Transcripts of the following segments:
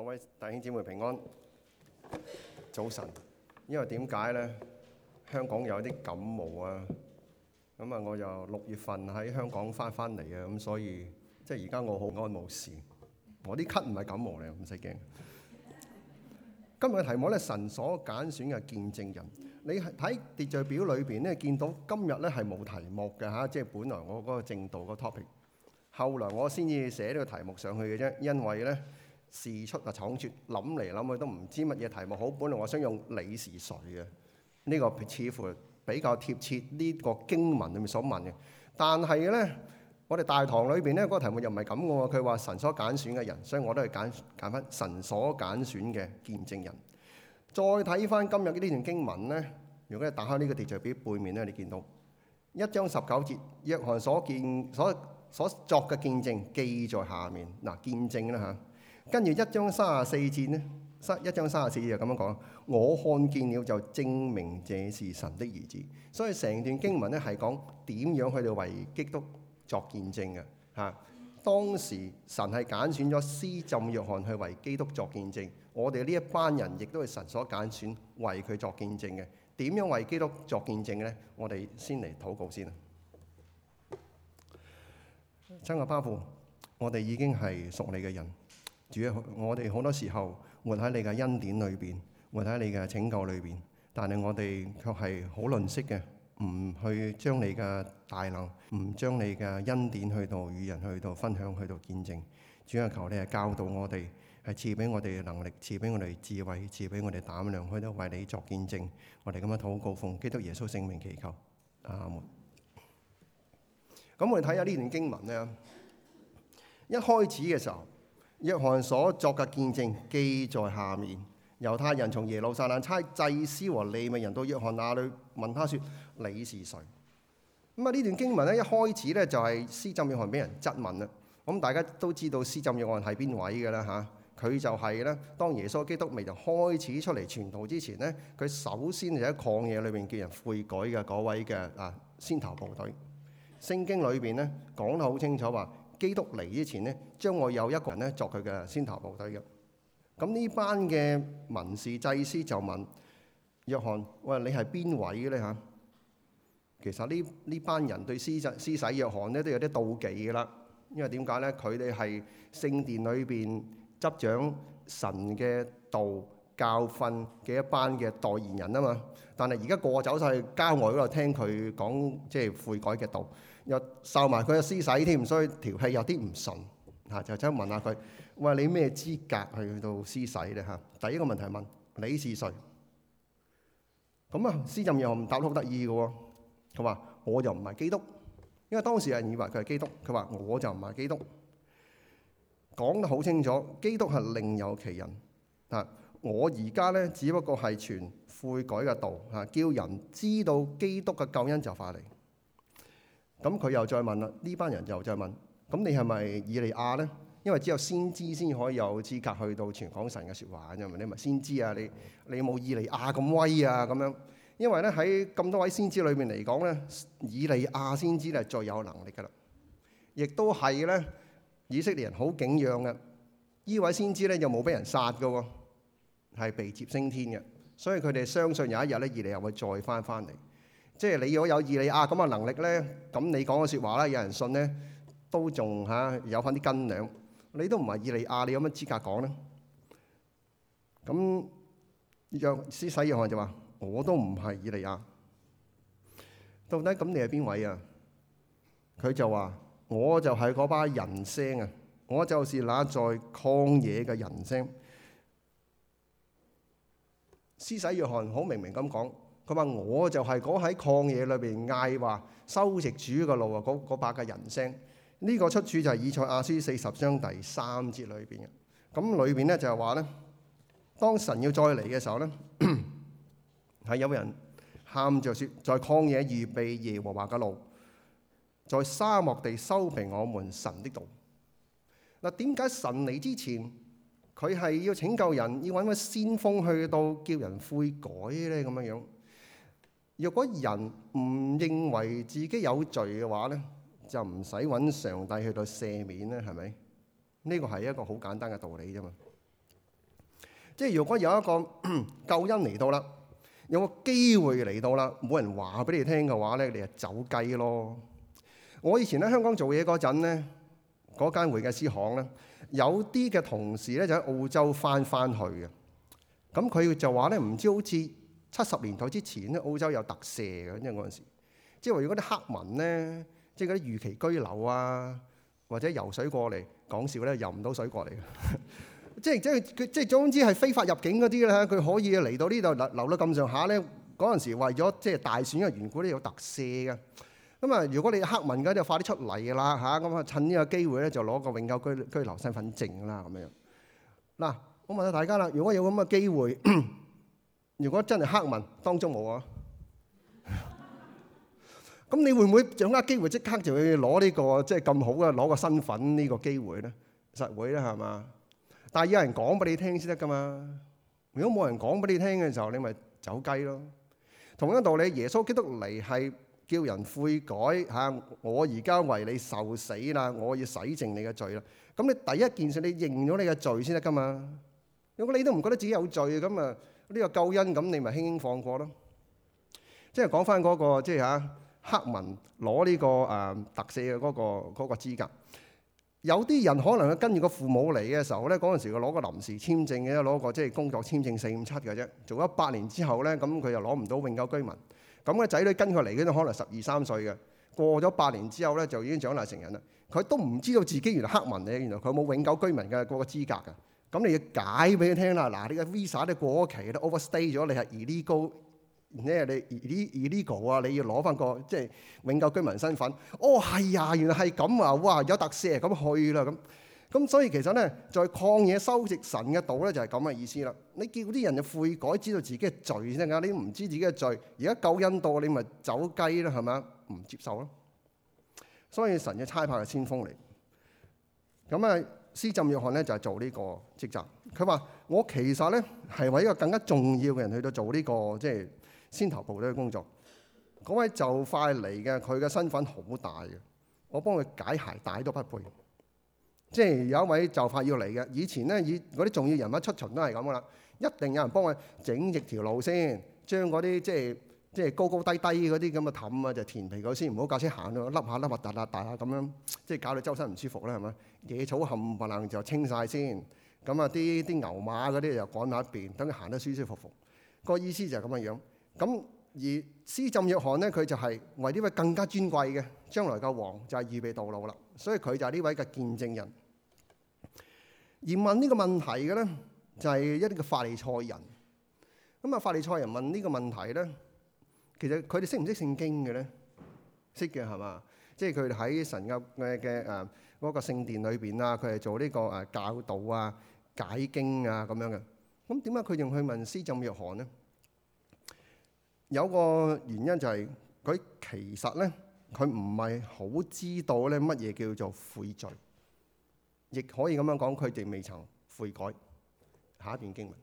各位弟兄姐妹平安，早晨。因為點解咧？香港有啲感冒啊，咁啊，我就六月份喺香港翻翻嚟啊，咁所以即係而家我好安無事。我啲咳唔係感冒嚟，你唔使驚。今日嘅題目咧，神所揀選嘅見證人。你睇秩序表裏邊咧，見到今日咧係冇題目嘅嚇，即係本來我嗰個正道個 topic，後來我先至寫呢個題目上去嘅啫，因為咧。事出啊！闖竄，諗嚟諗去都唔知乜嘢題目。好，本來我想用你是誰嘅呢個，似乎比較貼切呢個經文裏面所問嘅。但係咧，我哋大堂裏邊咧嗰個題目又唔係咁嘅喎。佢話神所揀選嘅人，所以我都係揀揀翻神所揀選嘅見證人。再睇翻今日呢段經文咧，如果你打開呢個秩序表背面咧，你見到一章十九節，約翰所見所所作嘅見證記在下面嗱，見證啦嚇。啊跟住一章三十四字咧，一章三十四字就咁樣講：我看見了，就證明這是神的兒子。所以成段經文咧係講點樣去到為基督作見證嘅。吓、啊，當時神係揀選咗施浸約翰去為基督作見證，我哋呢一班人亦都係神所揀選為佢作見證嘅。點樣為基督作見證咧？我哋先嚟禱告先啊！真個巴布，我哋已經係屬你嘅人。主啊，我哋好多時候活喺你嘅恩典裏邊，活喺你嘅拯救裏邊，但係我哋卻係好吝嗇嘅，唔去將你嘅大能，唔將你嘅恩典去到與人去到分享去到見證。主啊，求你係教導我哋，係賜俾我哋嘅能力，賜俾我哋智慧，賜俾我哋膽量，去到為你作見證。我哋咁樣禱告，奉基督耶穌聖名祈求，阿門。咁我哋睇下呢段經文咧，一開始嘅時候。約翰所作嘅見證記在下面。猶太人從耶路撒冷差祭司和利未人到約翰那裏，啊、問他說：你是誰？咁、嗯、啊，呢段經文咧，一開始咧就係施浸約翰俾人質問啦。咁、嗯、大家都知道施浸約翰係邊位嘅啦吓，佢、啊、就係咧當耶穌基督未就開始出嚟傳道之前咧，佢首先就喺曠野裏面叫人悔改嘅嗰位嘅啊，先頭部隊。聖經裏邊咧講得好清楚話。基督嚟之前呢，將我有一個人咧作佢嘅先頭部隊嘅。咁呢班嘅民事祭司就問約翰，喂，你係邊位咧嚇？其實呢呢班人對施洗施洗約翰咧都有啲妒忌嘅啦。因為點解咧？佢哋係聖殿裏邊執掌神嘅道教訓嘅一班嘅代言人啊嘛。但係而家個個走晒去郊外嗰度聽佢講即係悔改嘅道。又受埋佢嘅施洗添，所以條氣有啲唔順嚇，就走去問下佢，喂，你咩資格去到施洗咧？嚇，第一個問題問你是誰？咁啊，司任又唔答得好得意嘅喎，佢話：我就唔係基督，因為當時有人以為佢係基督，佢話我就唔係基督，講得好清楚，基督係另有其人啊！我而家咧，只不過係傳悔改嘅道嚇，叫人知道基督嘅救恩就快嚟。咁佢又再問啦，呢班人又再問：咁你係咪以利亞咧？因為只有先知先可以有資格去到傳講神嘅説話，因為你咪先知啊，你你冇以利亞咁威啊咁樣。因為咧，喺咁多位先知裏面嚟講咧，以利亞先知咧係最有能力噶啦，亦都係咧以色列人好景仰嘅。呢位先知咧又冇俾人殺嘅，係被接升天嘅，所以佢哋相信有一日咧，以利亞會再翻翻嚟。即係你如果有以利亞咁嘅能力咧，咁你講嘅説話啦，有人信咧，都仲嚇有返啲斤兩。你都唔係以利亞，你有乜資格講咧？咁若施洗約翰就話：我都唔係以利亞。到底咁你係邊位啊？佢就話：我就係嗰把人聲啊！我就是那在曠野嘅人聲。施洗約翰好明明咁講。佢話：我就係嗰喺曠野裏邊嗌話修直主嘅路啊！嗰嗰把嘅人聲呢、這個出處就係以賽亞書四十章第三節裏邊嘅。咁裏邊咧就係話咧，當神要再嚟嘅時候咧，係 有人喊着説：在曠野預備耶和華嘅路，在沙漠地修平我們神的道。嗱，點解神嚟之前佢係要拯救人，要揾個先鋒去到叫人悔改咧？咁樣樣。如果人唔認為自己有罪嘅話咧，就唔使搵上帝去到赦免咧，係咪？呢個係一個好簡單嘅道理啫嘛。即係如果有一個救恩嚟到啦，有個機會嚟到啦，冇人話俾你聽嘅話咧，你就走雞咯。我以前喺香港做嘢嗰陣咧，嗰間會計師行咧，有啲嘅同事咧就喺澳洲翻翻去嘅。咁佢就話咧，唔知好似。七十年代之前咧，澳洲有特赦嘅，因為嗰陣時，即係話如果啲黑民咧，即係嗰啲逾期居留啊，或者游水過嚟講笑咧，游唔到水過嚟嘅， 即係即係佢即係總之係非法入境嗰啲咧，佢可以嚟到呢度留留到咁上下咧。嗰陣時為咗即係大選嘅緣故咧，有特赦嘅。咁啊，如果你黑民嘅，你就快啲出嚟啦吓，咁啊趁呢個機會咧，就攞個永久居居留身份證啦咁樣。嗱，我問下大家啦，如果有咁嘅機會？ 如果真係黑文當中冇啊，咁你會唔會掌握機會即刻就去攞呢個即係咁好嘅攞個身份呢個機會咧？實會啦，係嘛？但係有人講俾你聽先得㗎嘛。如果冇人講俾你聽嘅時候，你咪走雞咯。同樣道理，耶穌基督嚟係叫人悔改嚇。我而家為你受死啦，我要洗淨你嘅罪啦。咁你第一件事，你認咗你嘅罪先得㗎嘛。如果你都唔覺得自己有罪，咁啊～呢個救恩咁你咪輕輕放過咯。即係講返嗰個即係嚇黑文攞呢、這個誒、呃、特赦嘅嗰個嗰個資、那個、格。有啲人可能佢跟住個父母嚟嘅時候咧，嗰、那、陣、個、時佢攞個臨時簽證嘅，攞個即係工作簽證四五七嘅啫。做咗八年之後咧，咁佢又攞唔到永久居民。咁嘅仔女跟佢嚟嘅都可能十二三歲嘅。過咗八年之後咧，就已經長大成人啦。佢都唔知道自己原來黑文嚟，原來佢冇永久居民嘅嗰個資格嘅。咁你要解俾佢聽啦，嗱，你個 Visa 都過期，都 overstay 咗，你係 illegal，咩？你 illegal，illegal 啊！你要攞翻個即係永久居民身份。哦，係啊，原來係咁啊！哇，有特赦咁去啦咁。咁所以其實咧，在曠野修直神嘅道咧就係咁嘅意思啦。你叫啲人就悔改知道自己嘅罪先得，你唔知自己嘅罪。而家救恩到你咪走雞啦，係咪啊？唔接受咯。所以神嘅差派係先鋒嚟。咁啊～施浸約翰咧就係做呢個職責。佢話：我其實咧係為一個更加重要嘅人去到做呢個即係先頭部隊嘅工作。嗰位就快嚟嘅，佢嘅身份好大嘅。我幫佢解鞋帶都不配。即係有一位就快要嚟嘅，以前咧以嗰啲重要人物出巡都係咁噶啦，一定有人幫佢整直條路先，將嗰啲即係。即係高高低低嗰啲咁嘅氹啊，就填皮稿先，唔好架車行到凹下凹下，下，下，下，突下突下咁樣，即係搞到周身唔舒服啦，係咪？野草冚唪唥就清晒先，咁啊啲啲牛馬嗰啲就趕埋一邊，等佢行得舒舒服服。個意思就係咁嘅樣。咁而施浸約翰咧，佢就係為呢位更加尊貴嘅將來嘅王就係預備道路啦，所以佢就係呢位嘅見證人。而問呢個問題嘅咧，就係、是、一啲嘅法利賽人。咁啊，法利賽人問呢個問題咧。其實佢哋識唔識聖經嘅咧？識嘅係嘛？即係佢哋喺神教嘅嘅誒嗰個聖殿裏邊啊，佢係做呢、這個誒、呃、教導啊、解經啊咁樣嘅。咁點解佢仲去問施浸約翰咧？呢有個原因就係、是、佢其實咧，佢唔係好知道咧乜嘢叫做悔罪，亦可以咁樣講，佢哋未曾悔改。下一段經文。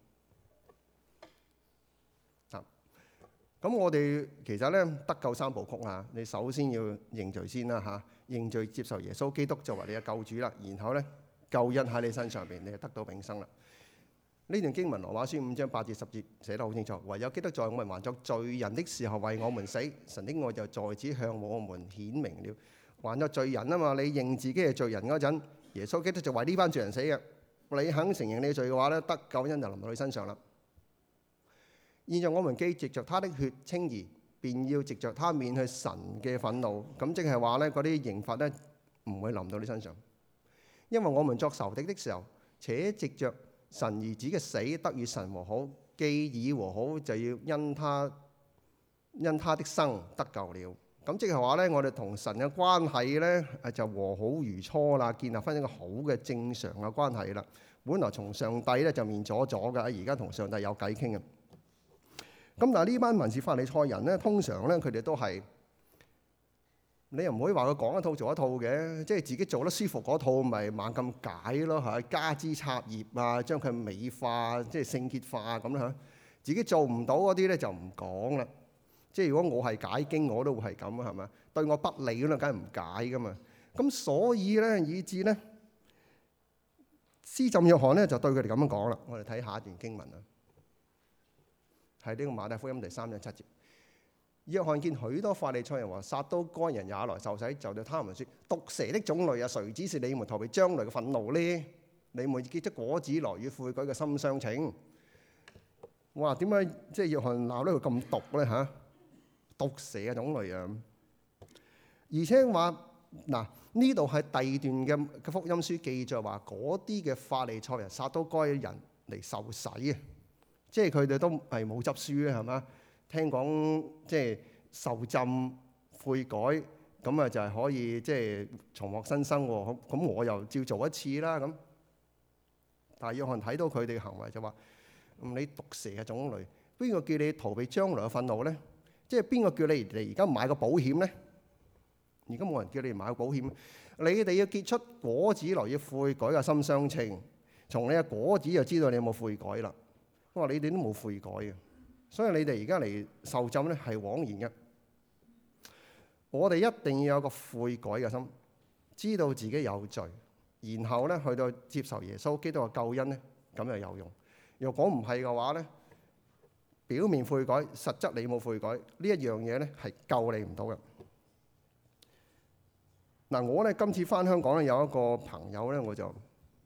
咁我哋其實咧得救三部曲啊，你首先要認罪先啦嚇，認罪接受耶穌基督作為你嘅救主啦，然後咧救恩喺你身上面，你就得到永生啦。呢段經文羅馬書五章八至十節寫得好清楚，唯有基督在我們還作罪人的時候為我們死，神的愛就在此向我們顯明了。還作罪人啊嘛，你認自己係罪人嗰陣，耶穌基督就為呢班罪人死嘅。你肯承認你嘅罪嘅話咧，得救恩就臨到你身上啦。現在我們既藉著他的血稱義，便要藉著他免去神嘅憤怒。咁即係話咧，嗰啲刑罰咧唔會臨到你身上，因為我們作仇敵的時候，且藉著神兒子嘅死得與神和好，既已和好，就要因他因他的生得救了。咁即係話咧，我哋同神嘅關係咧就和好如初啦，建立翻一個好嘅正常嘅關係啦。本來從上帝咧就面阻阻嘅，而家同上帝有偈傾啊！咁但係，呢班文士法利賽人咧，通常咧佢哋都係你又唔可以話佢講一套做一套嘅，即係自己做得舒服嗰套咪猛咁解咯，係加枝插葉啊，將佢美化，即係聖潔化咁樣，自己做唔到嗰啲咧就唔講啦。即係如果我係解經，我都會係咁啊，係咪？對我不利嗰度，梗係唔解噶嘛。咁所以咧，以至咧，施浸約翰咧就對佢哋咁樣講啦。我哋睇下一段經文啦。係呢個馬太福音第三章七節，約翰見許多法利賽人和撒都該人也來受洗，就對他們説：毒蛇的種類啊，誰指示你們逃避將來嘅憤怒呢？你們結出果子來與悔改嘅心相稱。哇！點解即係約翰鬧得佢咁毒咧嚇、啊？毒蛇嘅種類啊！而且話嗱，呢度係第二段嘅嘅福音書記載話，嗰啲嘅法利賽人、撒都該人嚟受洗啊！即係佢哋都係冇執輸咧，係嘛？聽講即係受浸悔改咁啊，就係可以即係重獲新生喎。咁我又照做一次啦。咁但係約翰睇到佢哋嘅行為就話：「咁你毒蛇嘅種類，邊個叫你逃避將來嘅憤怒咧？即係邊個叫你哋而家唔買個保險咧？而家冇人叫你哋買個保險。你哋要結出果子來，要悔改嘅心相稱，從你嘅果子就知道你有冇悔改啦。我話：你哋都冇悔改嘅，所以你哋而家嚟受浸咧係枉然嘅。我哋一定要有個悔改嘅心，知道自己有罪，然後咧去到接受耶穌基督嘅救恩咧，咁又有用。若果唔係嘅話咧，表面悔改，實質你冇悔改，呢一樣嘢咧係救你唔到嘅。嗱，我咧今次翻香港咧，有一個朋友咧，我就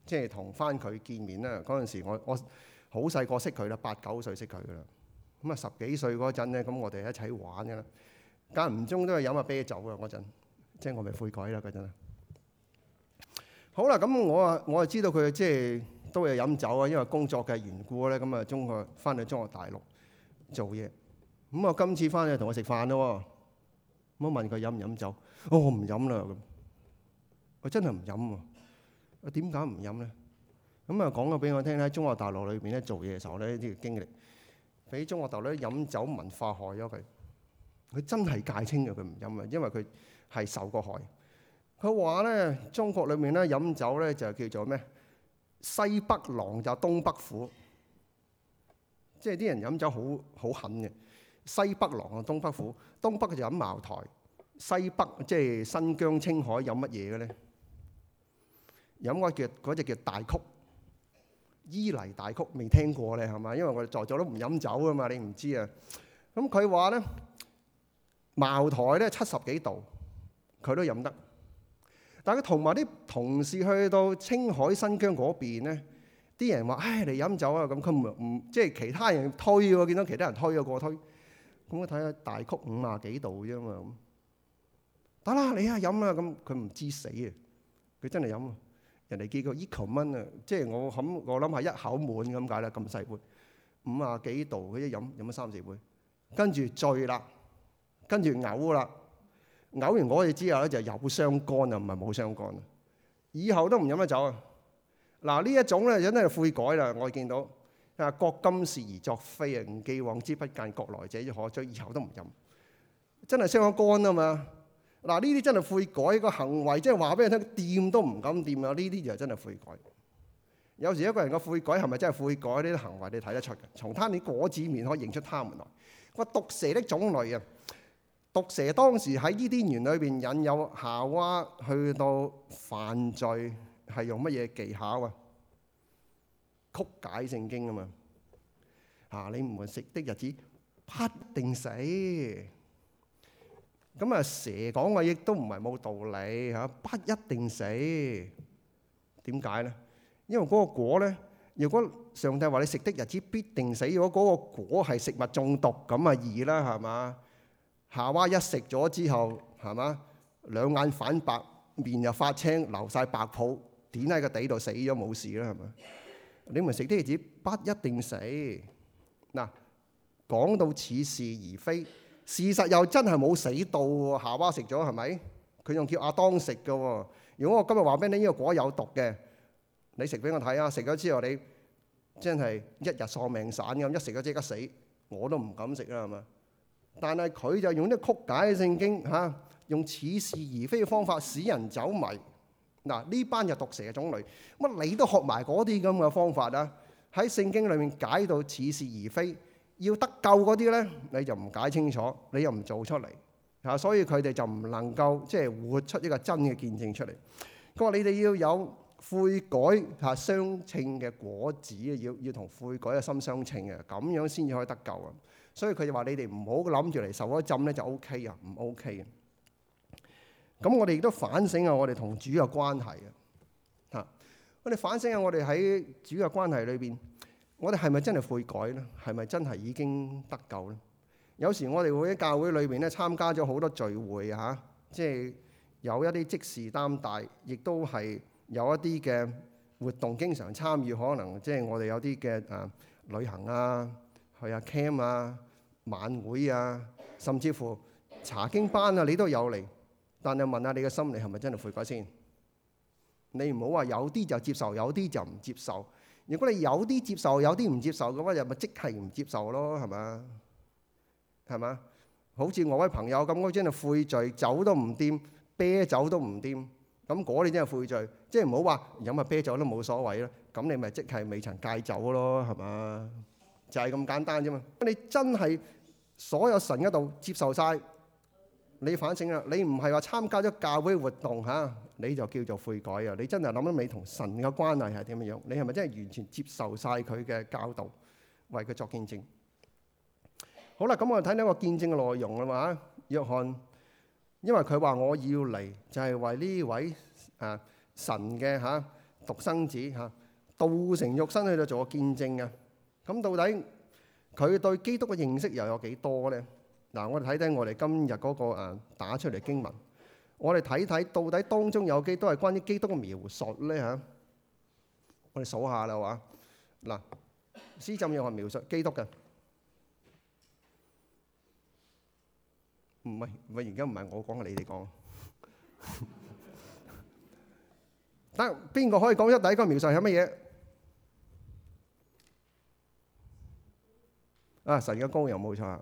即係同翻佢見面咧，嗰陣時我我。好細個識佢啦，八九歲識佢噶啦。咁啊，十幾歲嗰陣咧，咁我哋一齊玩噶啦。間唔中都係飲下啤酒噶嗰陣，即係我咪悔改啦嗰陣。好啦，咁我啊，我就知道佢即係都有飲酒啊，因為工作嘅緣故咧。咁啊，中學翻去中國大陸做嘢，咁啊，今次翻去同佢食飯咯。唔好問佢飲唔飲酒，我唔飲啦咁。我真係唔飲啊！我點解唔飲咧？咁啊，講咗俾我聽咧。中國大陸裏邊咧做嘢嘅時候咧，啲經歷俾中國大陸咧飲酒文化害咗佢。佢真係戒清嘅，佢唔飲啊，因為佢係受過害。佢話咧，中國裏面咧飲酒咧就叫做咩？西北狼就東北虎，即係啲人飲酒好好狠嘅。西北狼啊，東北虎。東北就飲茅台，西北即係、就是、新疆、青海飲乜嘢嘅咧？飲嗰叫隻、那個、叫大曲。伊犁大曲未聽過咧係嘛？因為我哋在座都唔飲酒啊嘛，你唔知啊。咁佢話咧，茅台咧七十幾度，佢都飲得。但係佢同埋啲同事去到青海新疆嗰邊咧，啲人話：唉、哎，嚟飲酒啊！咁佢唔即係其他人推喎，見到其他人推咗過推。咁我睇下大曲五十幾度啫嘛。咁得啦，你啊飲啊，咁佢唔知死啊，佢真係飲啊。人哋見過依幾蚊啊，即係我諗我諗係一口滿咁解啦，咁細杯，五啊幾度，佢一飲飲咗三四杯，跟住醉啦，跟住嘔啦，嘔完我哋之後咧就有傷肝啊，唔係冇傷肝啊，以後都唔飲得酒啊。嗱，呢一種咧真係悔改啦，我見到啊，覺今是而昨非啊，既往之不諫，來者可追，以後都唔飲，真係傷咗肝啊嘛～嗱，呢啲真係悔改個行為，即係話俾人聽，掂都唔敢掂啊！呢啲就真係悔改。有時一個人嘅悔改係咪真係悔改？呢啲行為你睇得出嘅，從他的果子面可以認出他們來。個毒蛇的種類啊，毒蛇當時喺伊甸園裏邊引誘夏娃去到犯罪，係用乜嘢技巧啊？曲解聖經啊嘛，嚇、啊、你唔食的日子必定死。咁啊，蛇講嘅亦都唔係冇道理嚇，不一定死。點解咧？因為嗰個果咧，如果上帝話你食的日子必定死，如果嗰個果係食物中毒，咁啊易啦，係嘛？夏娃一食咗之後，係嘛？兩眼反白，面又發青，流晒白泡，跌喺個地度死咗冇事啦，係咪？你咪食的日子不一定死。嗱，講到似是而非。事實又真係冇死到夏娃食咗係咪？佢仲叫亞當食嘅。如果我今日話俾你呢個果有毒嘅，你食俾我睇下。食咗之後你真係一日喪命散咁，一食咗即刻死，我都唔敢食啦，係嘛？但係佢就用啲曲解嘅聖經嚇、啊，用似是而非嘅方法使人走迷。嗱、啊，呢班就毒蛇嘅種類乜？你都學埋嗰啲咁嘅方法啦，喺聖經裏面解到似是而非。要得救嗰啲咧，你就唔解清楚，你又唔做出嚟，嚇，所以佢哋就唔能夠即係活出一個真嘅見證出嚟。佢話你哋要有悔改嚇相稱嘅果子，要要同悔改嘅心相稱嘅，咁樣先至可以得救啊！所以佢就話你哋唔好諗住嚟受一浸咧就 O K 啊，唔 O K 嘅。咁我哋亦都反省下，我哋同主嘅關係啊，我哋反省下，我哋喺主嘅關係裏邊。我哋係咪真係悔改呢？係咪真係已經得救呢？有時我哋會喺教會裏面咧參加咗好多聚會嚇、啊，即係有一啲即時擔大，亦都係有一啲嘅活動經常參與，可能即係我哋有啲嘅誒旅行啊、去啊 camp 啊、晚會啊，甚至乎查經班啊，你都有嚟。但係問下你嘅心裏係咪真係悔改先？你唔好話有啲就接受，有啲就唔接受。如果你有啲接受，有啲唔接受嘅話，就咪即係唔接受咯，係嘛？係嘛？好似我位朋友咁，我真係悔罪，酒都唔掂，啤酒都唔掂，咁你真係悔罪。即係唔好話飲下啤酒都冇所謂啦，咁你咪即係未曾戒酒咯，係嘛？就係咁簡單啫嘛。咁你真係所有神一度接受晒。你反省啦，你唔係話參加咗教會活動吓，你就叫做悔改啊？你真係諗諗你同神嘅關係係點樣？你係咪真係完全接受晒佢嘅教導，為佢作見證？好啦，咁我哋睇呢個見證嘅內容吖嘛。約翰，因為佢話我要嚟就係為呢位啊神嘅吓獨生子吓，道成肉身去到做個見證啊。咁到底佢對基督嘅認識又有幾多咧？嗱，我哋睇睇我哋今日嗰個誒打出嚟經文，我哋睇睇到底當中有幾多係關於基督嘅描述咧嚇？我哋數下啦喎！嗱，施浸有冇描述基督嘅？唔係唔係，而家唔係我講，你哋講。得邊個可以講出第一個描述係乜嘢？啊，神嘅羔羊冇錯。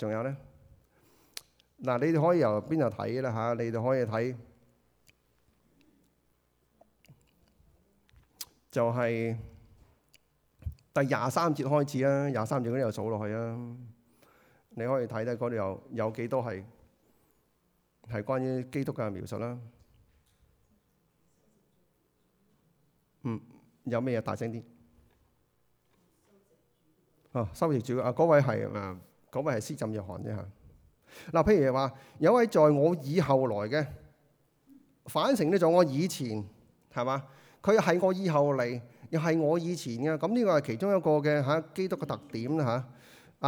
仲有咧，嗱、啊，你哋可以由邊度睇啦嚇？你哋可以睇，就係第廿三節開始啊！廿三節嗰啲又數落去啦、啊。你可以睇睇嗰度有有幾多係係關於基督嘅描述啦、啊。嗯，有咩嘢？大聲啲。哦、啊，收住主啊！嗰位係啊。嗰咪係施浸約翰啫嚇。嗱，譬、啊、如話有位在我以後來嘅反成呢就我以前係嘛？佢係我以後嚟，又係我以前嘅。咁呢個係其中一個嘅嚇、啊，基督嘅特點啦嚇。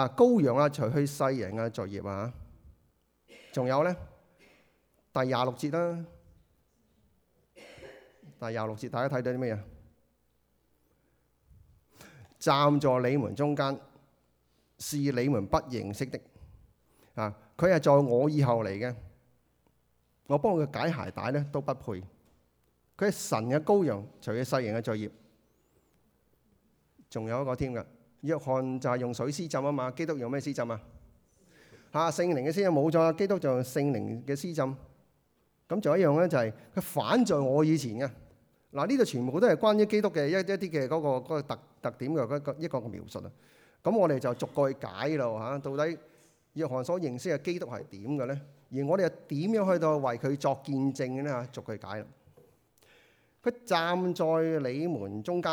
啊，羔羊啊，除去世人嘅罪孽啊，仲有咧，第廿六節啦、啊，第廿六節大家睇到啲咩嘢？站在你們中間。是你們不認識的，啊！佢係在我以後嚟嘅，我幫佢解鞋帶咧都不配。佢係神嘅羔羊，除去世榮嘅罪孽，仲有一個添㗎。約翰就係用水施浸啊嘛，基督用咩施浸啊？嚇，聖靈嘅施浸冇咗，基督就用聖靈嘅施浸。咁仲有一樣咧，就係佢反在我以前嘅。嗱，呢度全部都係關於基督嘅一一啲嘅嗰個嗰個特特點嘅一個一個描述啊。咁我哋就逐個去解咯嚇，到底約翰所認識嘅基督係點嘅咧？而我哋又點樣去到為佢作見證嘅咧？嚇，逐個解啦。佢站在你們中間，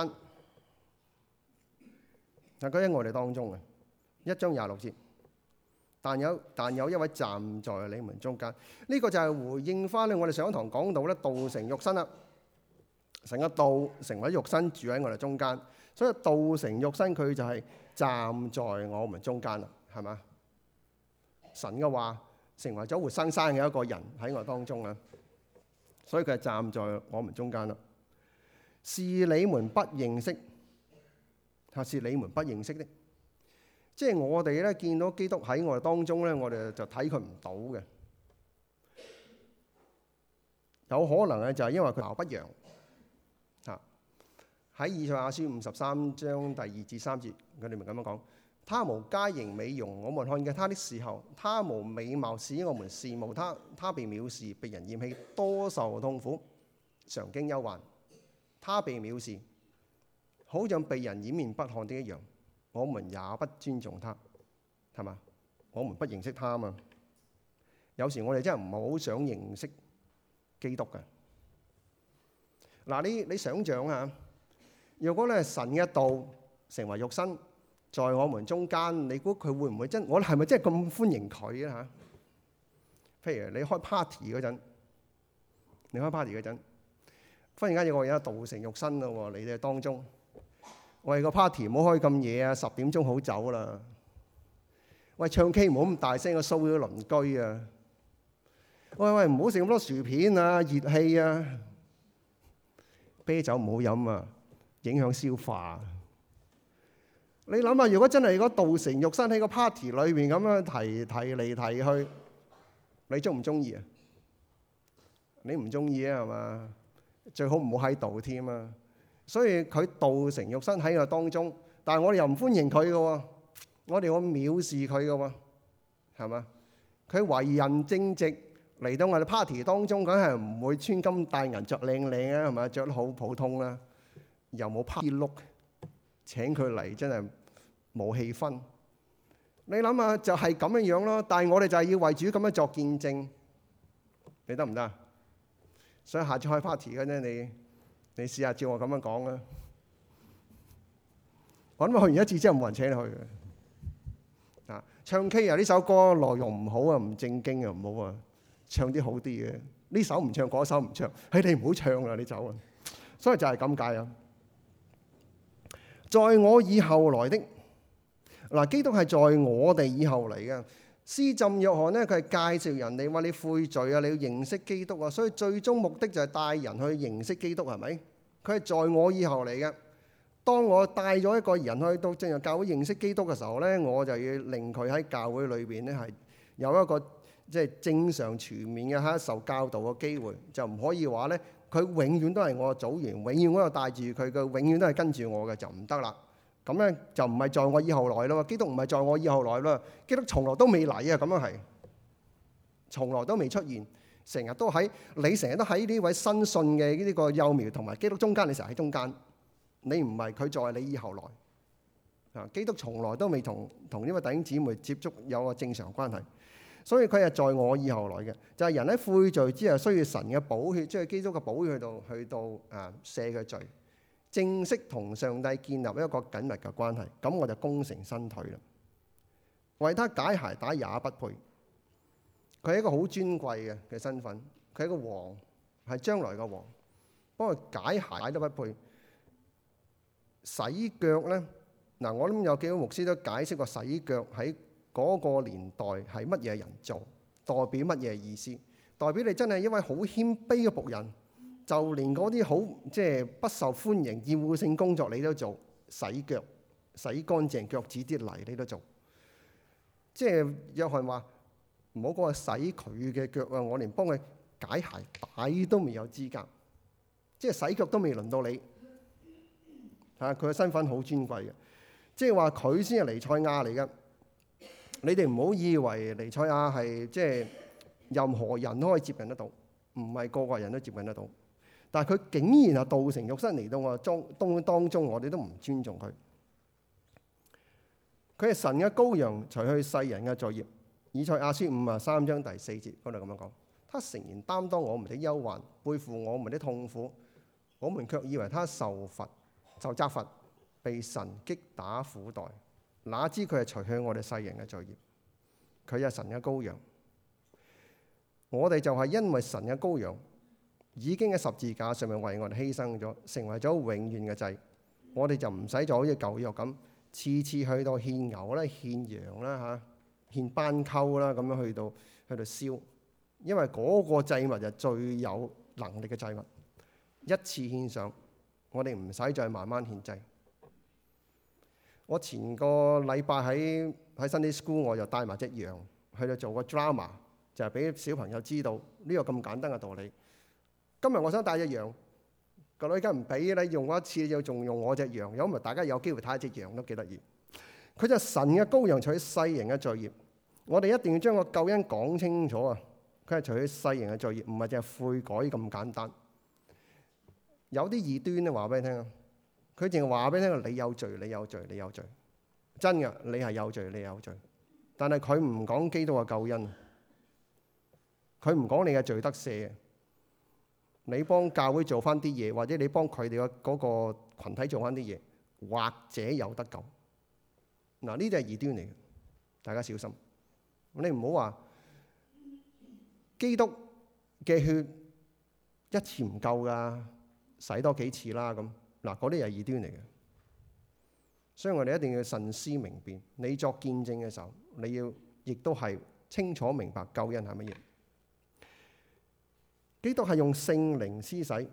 嗱，佢喺我哋當中嘅一章廿六節。但有但有一位站在你們中間，呢個就係回應翻咧。我哋上一堂講到咧，道成肉身啦，成個道成為肉身住喺我哋中間，所以道成肉身佢就係。站在我們中間啦，係嘛？神嘅話成為咗活生生嘅一個人喺我當中啊，所以佢係站在我們中間啦。是你們不認識，係是你們不認識的，即係我哋咧見到基督喺我哋當中咧，我哋就睇佢唔到嘅。有可能咧就係因為佢貌不揚。喺《以賽亞書》五十三章第二至三節，佢哋咪咁樣講：他無佳形美容，我們看見他的時候，他無美貌，使我們羨慕他。他被藐視，被人厭棄，多受痛苦，常經憂患。他被藐視，好像被人掩面不看的一樣。我們也不尊重他，係嘛？我們不認識他啊嘛。有時我哋真係唔係好想認識基督嘅。嗱，你你想象啊～如果咧神嘅道成為肉身，在我們中間，你估佢會唔會真？我係咪真係咁歡迎佢呀吓？譬如你開 party 嗰陣，你開 party 嗰陣，忽然間有個人道成肉身嘞喎，你哋當中，喂，個 party 唔好開咁夜啊，十點鐘好走啦。喂，唱 K 唔好咁大聲，我騷咗鄰居啊。喂喂，唔好食咁多薯片啊，熱氣啊。啤酒唔好飲啊。影響消化。你諗下、啊，如果真係嗰道成肉身喺個 party 裏面咁樣提提嚟提去，你中唔中意啊？你唔中意啊，係嘛？最好唔好喺度添啊！所以佢道成肉身喺個當中，但係我哋又唔歡迎佢嘅喎，我哋要藐視佢嘅喎，係嘛？佢為人正直嚟到我哋 party 當中，梗係唔會穿金戴銀着靚靚啊，係咪？着得好普通啦。又冇 party 碌，請佢嚟真係冇氣氛。你諗下就係、是、咁樣樣咯。但係我哋就係要為主咁樣作見證，你得唔得啊？所以下次開 party 嘅啫，你你試下照我咁樣講啦。我諗去完一次之後冇人請你去嘅。啊，唱 K 啊，呢首歌內容唔好啊，唔正經啊，唔好啊，唱啲好啲嘅。呢首唔唱，嗰首唔唱，係、哎、你唔好唱啊！你走啊！所以就係咁解啊。在我以後來的嗱，基督係在我哋以後嚟嘅。施浸約翰呢，佢係介紹人哋話你悔罪啊，你要認識基督啊，所以最終目的就係帶人去認識基督，係咪？佢係在我以後嚟嘅。當我帶咗一個人去到正教教會認識基督嘅時候呢，我就要令佢喺教會裏邊呢，係有一個即係正常全面嘅喺受教導嘅機會，就唔可以話呢。佢永遠都係我嘅祖源，永遠我都帶住佢嘅，佢永遠都係跟住我嘅就唔得啦。咁咧就唔係在我以後來咯，基督唔係在我以後來咯，基督從來都未嚟啊！咁樣係，從來都未出現，成日都喺你，成日都喺呢位新信嘅呢個幼苗同埋基督中間，你成日喺中間，你唔係佢在你以後來啊！基督從來都未同同呢位弟兄姊妹接觸有個正常關係。所以佢係在我以後來嘅，就係、是、人喺悔罪之後需要神嘅寶血，即、就、係、是、基督嘅寶血去到去到啊赦佢嘅罪，正式同上帝建立一個緊密嘅關係。咁我就功成身退啦，為他解鞋帶也不配。佢係一個好尊貴嘅嘅身份，佢係個王，係將來嘅王，幫佢解鞋帶都不配。洗腳咧，嗱我諗有幾個牧師都解釋過洗腳喺。嗰個年代係乜嘢人做？代表乜嘢意思？代表你真係一位好謙卑嘅僕人，就連嗰啲好即係不受歡迎、厭惡性工作你都做，洗腳、洗乾淨腳趾啲泥你都做。即係約翰話唔好講，洗佢嘅腳啊！我連幫佢解鞋帶都未有資格，即係洗腳都未輪到你。嚇，佢嘅身份好尊貴嘅，即係話佢先係尼賽亞嚟嘅。你哋唔好以為尼賽亞係即係任何人都可以接近得到，唔係個個人都接近得到。但係佢竟然啊，道成肉身嚟到我莊當當中，我哋都唔尊重佢。佢係神嘅羔羊，除去世人嘅罪孽。以賽亞書五十三章第四節，佢就咁樣講：他誠然擔當我們的憂患，背負我們的痛苦，我們卻以為他受罰受責罰，被神擊打苦待。哪知佢係除去我哋世人嘅罪孽，佢係神嘅羔羊。我哋就係因為神嘅羔羊已經喺十字架上面為我哋犧牲咗，成為咗永遠嘅祭，我哋就唔使再好似舊約咁次次去到獻牛啦、獻羊啦、吓獻斑鳩啦咁樣去到去到燒，因為嗰個祭物就最有能力嘅祭物，一次獻上，我哋唔使再慢慢獻祭。我前個禮拜喺喺 Sunday School 我就帶埋隻羊去度做個 drama，就係俾小朋友知道呢個咁簡單嘅道理。今日我想帶隻羊，個女家唔俾你用一次就仲用我隻羊，如果唔係大家有機會睇一隻羊都幾得意。佢就係神嘅羔羊，除咗世人嘅罪孽，我哋一定要將個救恩講清楚啊！佢係除咗世人嘅罪孽，唔係淨係悔改咁簡單。有啲異端嘅話俾你聽。佢淨係話俾你聽，你有罪，你有罪，你有罪，真嘅，你係有罪，你有罪。但係佢唔講基督嘅救恩，佢唔講你嘅罪得赦，你幫教會做翻啲嘢，或者你幫佢哋個嗰個羣體做翻啲嘢，或者有得救。嗱，呢啲係異端嚟嘅，大家小心。你唔好話基督嘅血一次唔夠㗎，洗多幾次啦咁。嗱，嗰啲係異端嚟嘅，所以我哋一定要慎思明辨。你作見證嘅時候，你要亦都係清楚明白救恩係乜嘢。基督係用聖靈施洗，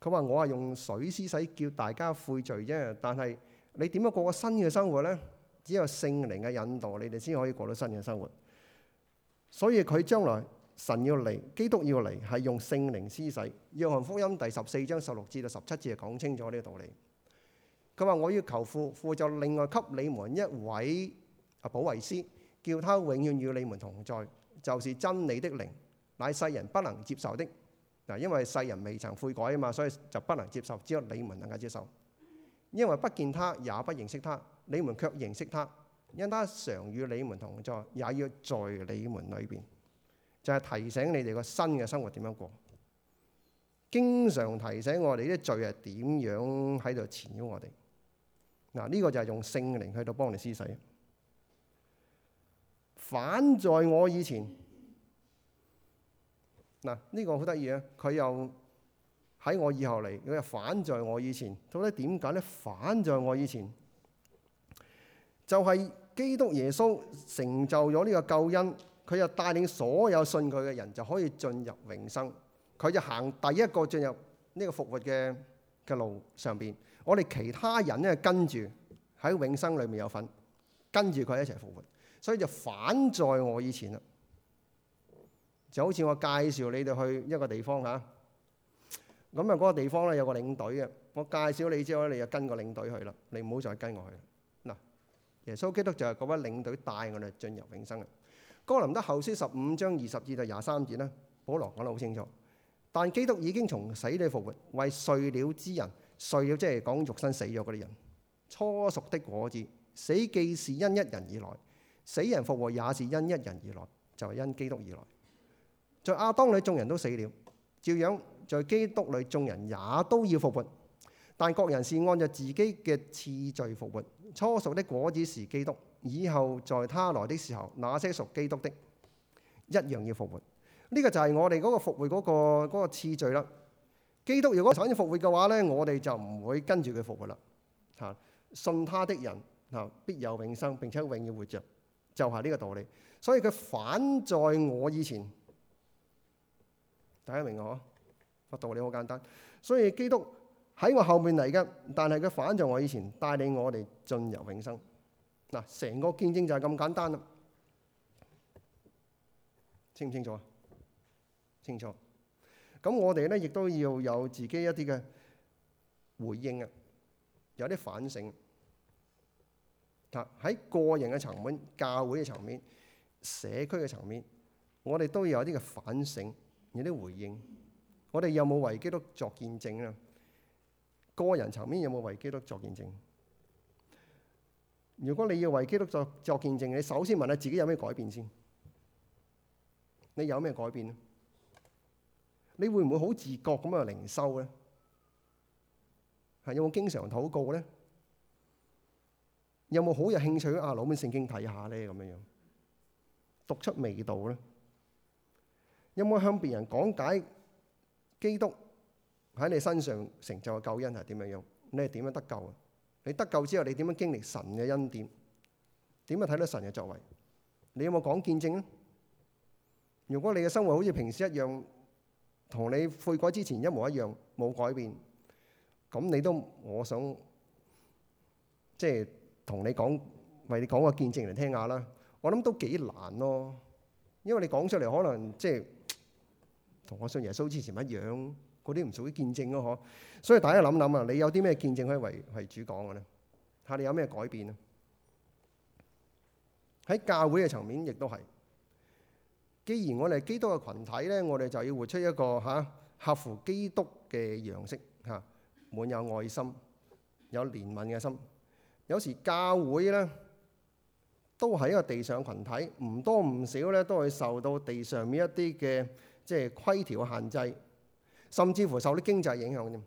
佢話我係用水施洗叫大家悔罪啫。但係你點樣過個新嘅生活咧？只有聖靈嘅引導，你哋先可以過到新嘅生活。所以佢將來。神要嚟，基督要嚟，係用聖靈施洗。約翰福音第十四章十六至到十七節係講清楚呢個道理。佢話：我要求父，父就另外給你們一位啊保惠師，叫他永遠與你們同在，就是真理的靈，乃世人不能接受的。嗱，因為世人未曾悔改啊嘛，所以就不能接受。只有你們能夠接受，因為不見他也不認識他，你們卻認識他，因他常與你們同在，也要在你們裏邊。就係提醒你哋個新嘅生活點樣過，經常提醒我哋啲罪係點樣喺度纏繞我哋。嗱，呢個就係用聖靈去到幫你施洗反反。反在我以前，嗱，呢個好得意啊！佢又喺我以後嚟，佢又反在我以前。到底點解咧？反在我以前，就係基督耶穌成就咗呢個救恩。佢就帶領所有信佢嘅人就可以進入永生，佢就行第一個進入呢個復活嘅嘅路上邊。我哋其他人咧，跟住喺永生裏面有份，跟住佢一齊復活，所以就反在我以前啦。就好似我介紹你哋去一個地方嚇，咁啊嗰個地方咧，有個領隊嘅，我介紹你之後咧，你就跟個領隊去啦，你唔好再跟我去啦。嗱，耶穌基督就係嗰位領隊帶我哋進入永生嘅。哥林德後書十五章二十節到廿三節呢，保羅講得好清楚。但基督已經從死裏復活，為睡了之人睡了，即係講肉身死咗嗰啲人。初熟的果子，死既是因一人而來，死人復活也是因一人而來，就係、是、因基督而來。在亞當裏，眾人都死了，照樣在基督裏眾人也都要復活。但各人是按着自己嘅次序復活。初熟的果子是基督。以後在他來的時候，那些屬基督的一樣要復活。呢個就係我哋嗰個復活嗰個嗰個次序啦。基督如果首先復活嘅話咧，我哋就唔會跟住佢復活啦。嚇，信他的人嚇必有永生，並且永遠活着，就係呢個道理。所以佢反在我以前，大家明我嗬？個道理好簡單。所以基督喺我後面嚟嘅，但係佢反在我以前，帶領我哋進入永生。嗱，成個見證就係咁簡單啦，清唔清楚啊？清楚。咁我哋咧亦都要有自己一啲嘅回應啊，有啲反省。嗱，喺個人嘅層面、教會嘅層面、社區嘅層面，我哋都要有啲嘅反省，有啲回應。我哋有冇為基督作見證啊？個人層面有冇為基督作見證？如果你要為基督作作見證，你首先問下自己有咩改變先？你有咩改變咧？你會唔會好自覺咁去靈修咧？係有冇經常禱告咧？有冇好有興趣啊攞本聖經睇下咧？咁樣樣，讀出味道咧？有冇向別人講解基督喺你身上成就嘅救恩係點樣樣？你係點樣得救啊？你得救之後，你點樣經歷神嘅恩典？點樣睇到神嘅作為？你有冇講見證咧？如果你嘅生活好似平時一樣，同你悔改之前一模一樣，冇改變，咁你都，我想，即係同你講，為你講個見證嚟聽下啦。我諗都幾難咯，因為你講出嚟可能，即係同我信耶穌之前一樣。嗰啲唔屬於見證咯，嗬！所以大家諗諗啊，你有啲咩見證可以為為主講嘅咧？嚇，你有咩改變咧？喺教會嘅層面亦都係，既然我哋基督嘅羣體咧，我哋就要活出一個嚇合乎基督嘅樣式嚇，滿有愛心、有憐憫嘅心。有時教會咧都係一個地上羣體，唔多唔少咧都會受到地上面一啲嘅即係規條限制。甚至乎受啲經濟影響啫。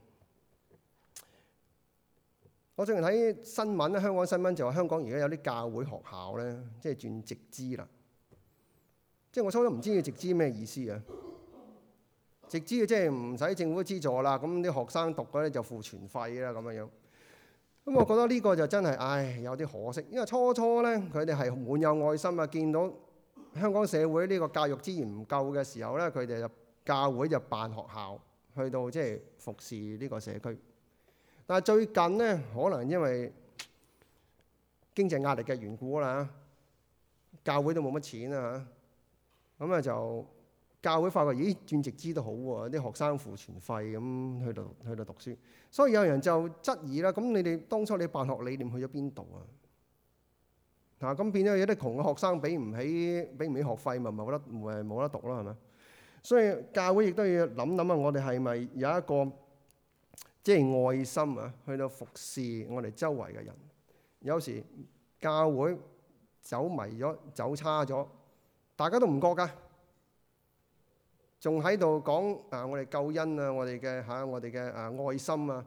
我最近睇新聞咧，香港新聞就話香港而家有啲教會學校咧，即係轉直資啦。即係我初都唔知佢直資咩意思啊？直資即係唔使政府資助啦，咁啲學生讀嗰咧就付全費啦，咁樣樣。咁我覺得呢個就真係，唉，有啲可惜。因為初初咧，佢哋係滿有愛心啊，見到香港社會呢個教育資源唔夠嘅時候咧，佢哋就教會就辦學校。去到即係服侍呢個社區，但係最近咧，可能因為經濟壓力嘅緣故啦，教會都冇乜錢啦嚇，咁啊就教會發覺，咦，轉直資都好喎，啲學生付全費，咁去到去到讀書，所以有人就質疑啦。咁你哋當初你辦學理念去咗邊度啊？嚇，咁變咗有啲窮嘅學生俾唔起俾唔起學費，咪冇得咪冇得讀咯，係咪？所以教會亦都要諗諗啊！我哋係咪有一個即係愛心啊？去到服侍我哋周圍嘅人，有時教會走迷咗、走差咗，大家都唔覺㗎，仲喺度講啊！我哋救恩啊，我哋嘅嚇，我哋嘅啊愛心啊，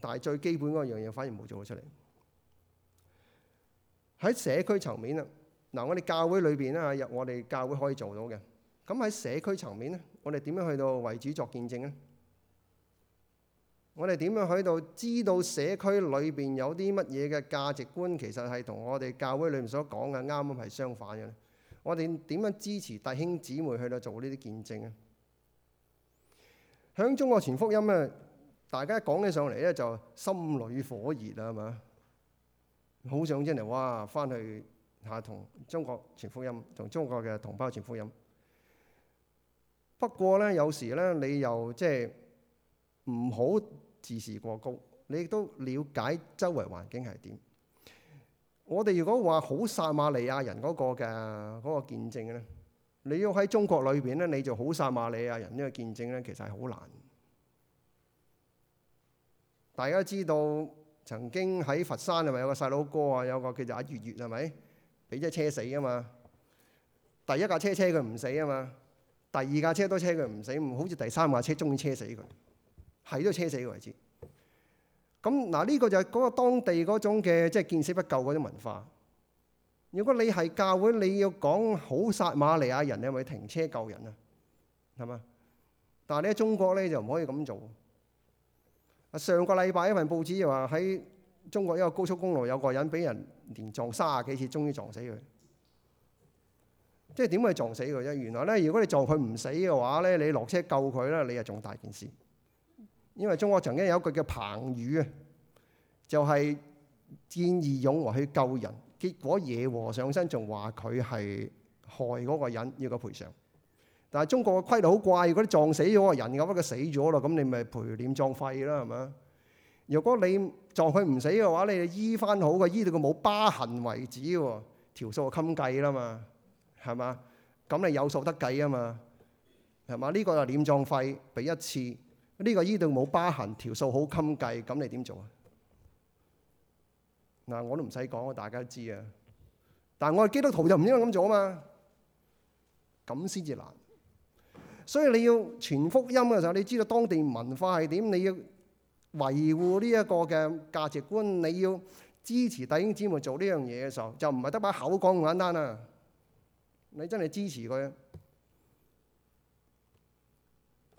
但係最基本嗰樣嘢反而冇做到出嚟。喺社區層面啊，嗱我哋教會裏邊咧，入我哋教會可以做到嘅。咁喺社區層面咧，我哋點樣去到為主作見證咧？我哋點樣去到知道社區裏邊有啲乜嘢嘅價值觀，其實係同我哋教會裏面所講嘅啱啱係相反嘅咧？我哋點樣支持弟兄姊妹去到做呢啲見證咧？喺中國傳福音咧，大家一講起上嚟咧，就心裏火熱啦，係嘛？好想真係哇，翻去吓同中國傳福音，同中國嘅同胞傳福音。不過咧，有時咧，你又即係唔好自視過高，你亦都了解周圍環境係點。我哋如果話好撒瑪利亞人嗰個嘅嗰個見證咧，你要喺中國裏邊咧，你就好撒瑪利亞人呢個見證咧，其實係好難。大家知道曾經喺佛山係咪有個細佬哥啊？有個叫做阿月月係咪俾隻車死啊嘛？第一架車車佢唔死啊嘛？第二架車都車佢唔死，唔好似第三架車，終於車死佢，係都車死佢為止。咁嗱，呢個就係嗰個當地嗰種嘅即係見死不救嗰種文化。如果你係教會，你要講好撒瑪利亞人，係咪停車救人啊？係嘛？但係你喺中國咧就唔可以咁做。啊，上個禮拜一份報紙又話喺中國一個高速公路有個人俾人連撞三十幾次，終於撞死佢。即係點會撞死佢啫？原來咧，如果你撞佢唔死嘅話咧，你落車救佢咧，你又仲大件事。因為中國曾經有一句叫彭宇啊，就係見義勇為去救人，結果惹禍上身，仲話佢係害嗰個人要佢賠償。但係中國嘅規律好怪，如果你撞死咗個人咁，佢死咗啦，咁你咪賠殮葬費啦？係咪？如果你撞佢唔死嘅話，你就醫翻好個，醫到佢冇疤痕為止喎，條數就襟計啦嘛。係嘛？咁你有數得計啊嘛？係嘛？呢個又殮葬費？俾一次呢個醫到冇疤痕條數好襟計，咁你點做啊？嗱，我都唔使講，大家都知啊。但係我哋基督徒，就唔應該咁做啊嘛。咁先至難，所以你要傳福音嘅時候，你知道當地文化係點，你要維護呢一個嘅價值觀，你要支持弟兄姊妹做呢樣嘢嘅時候，就唔係得把口講咁簡單啊。你真係支持佢？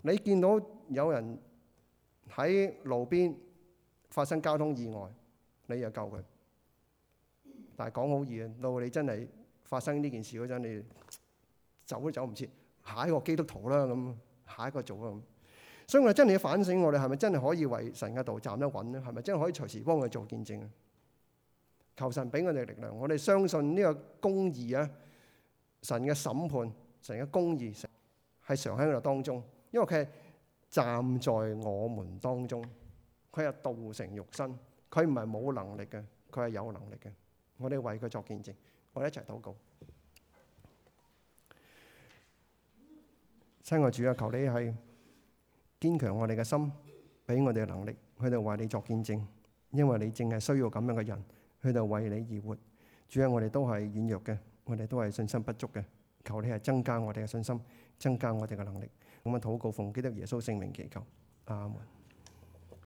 你見到有人喺路邊發生交通意外，你又救佢。但係講好易啊，到你真係發生呢件事嗰陣，你走都走唔切。下一個基督徒啦，咁下一個做啊咁。所以我哋真係反省我哋，係咪真係可以為神嘅道站得穩咧？係咪真係可以隨時幫佢做見證咧？求神俾我哋力量，我哋相信呢個公義啊！神嘅審判，神嘅公義，係常喺嗰度當中。因為佢係站在我們當中，佢係道成肉身，佢唔係冇能力嘅，佢係有能力嘅。我哋為佢作見證，我哋一齊禱告。親愛的主啊，求你係堅強我哋嘅心，俾我哋嘅能力去到為你作見證，因為你淨係需要咁樣嘅人去到為你而活。主啊，我哋都係軟弱嘅。我哋都係信心不足嘅，求你係增加我哋嘅信心，增加我哋嘅能力。咁 啊，禱告奉基督耶穌聖名祈求，阿門。